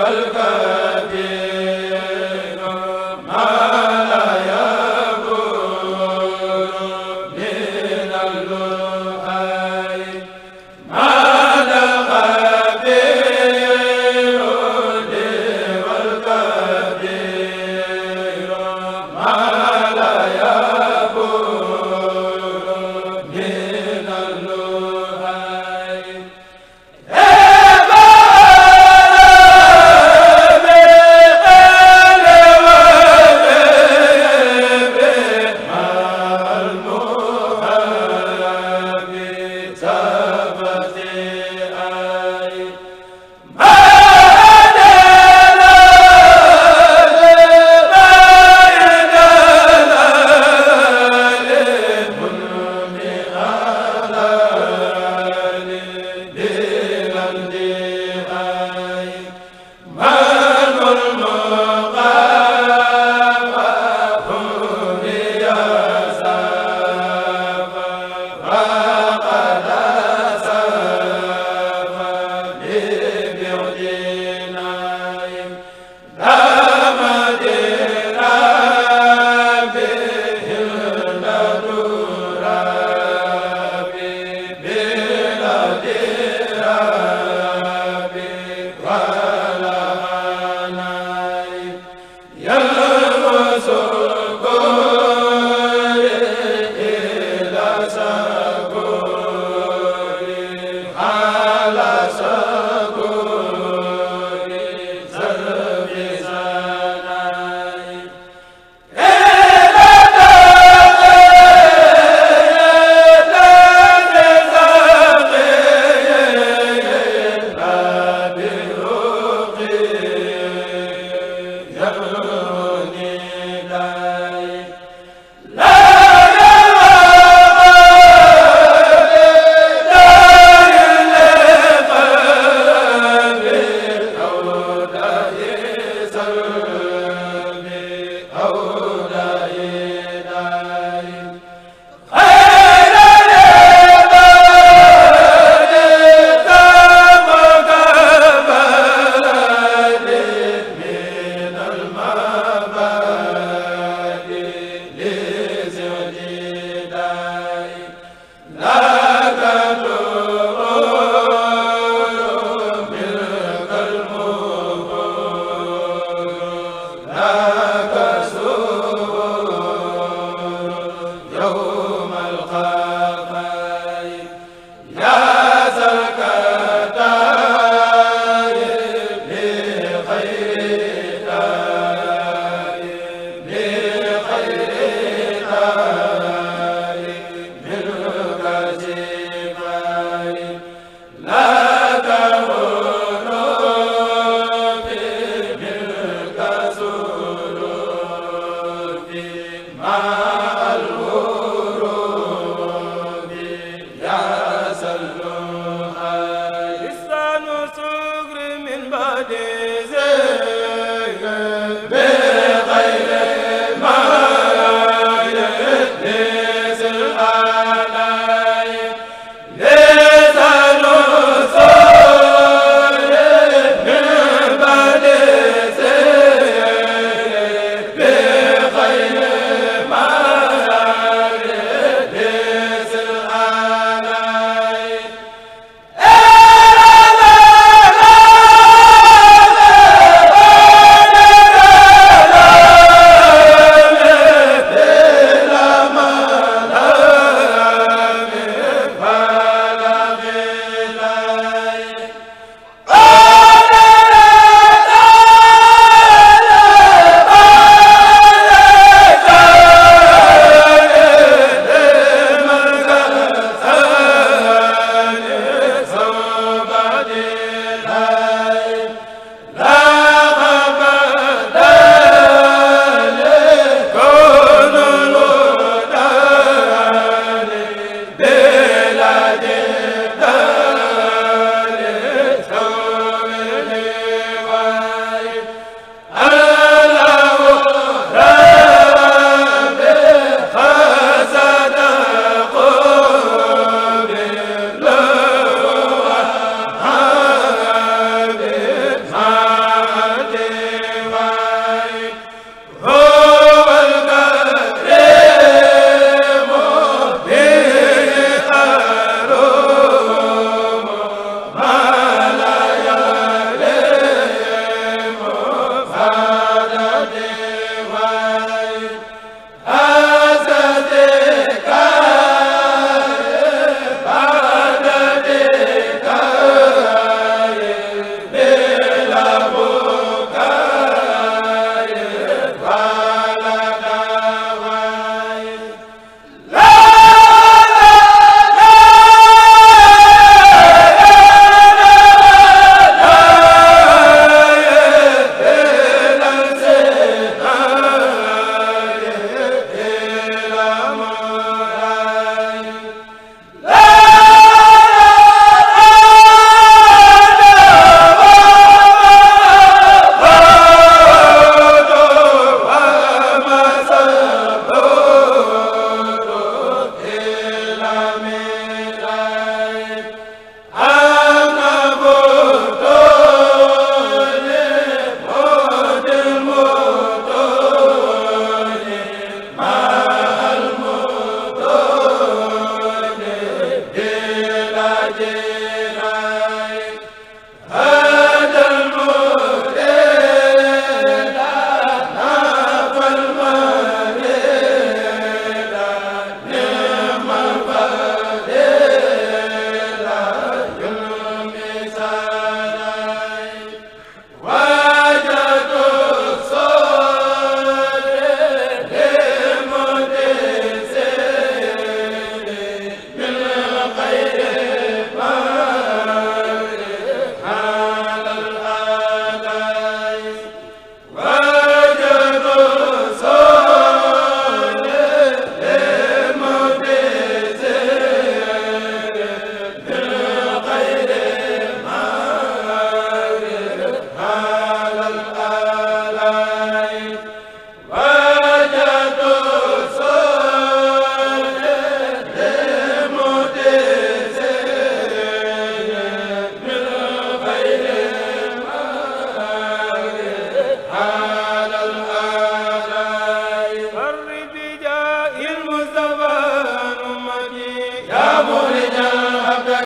wal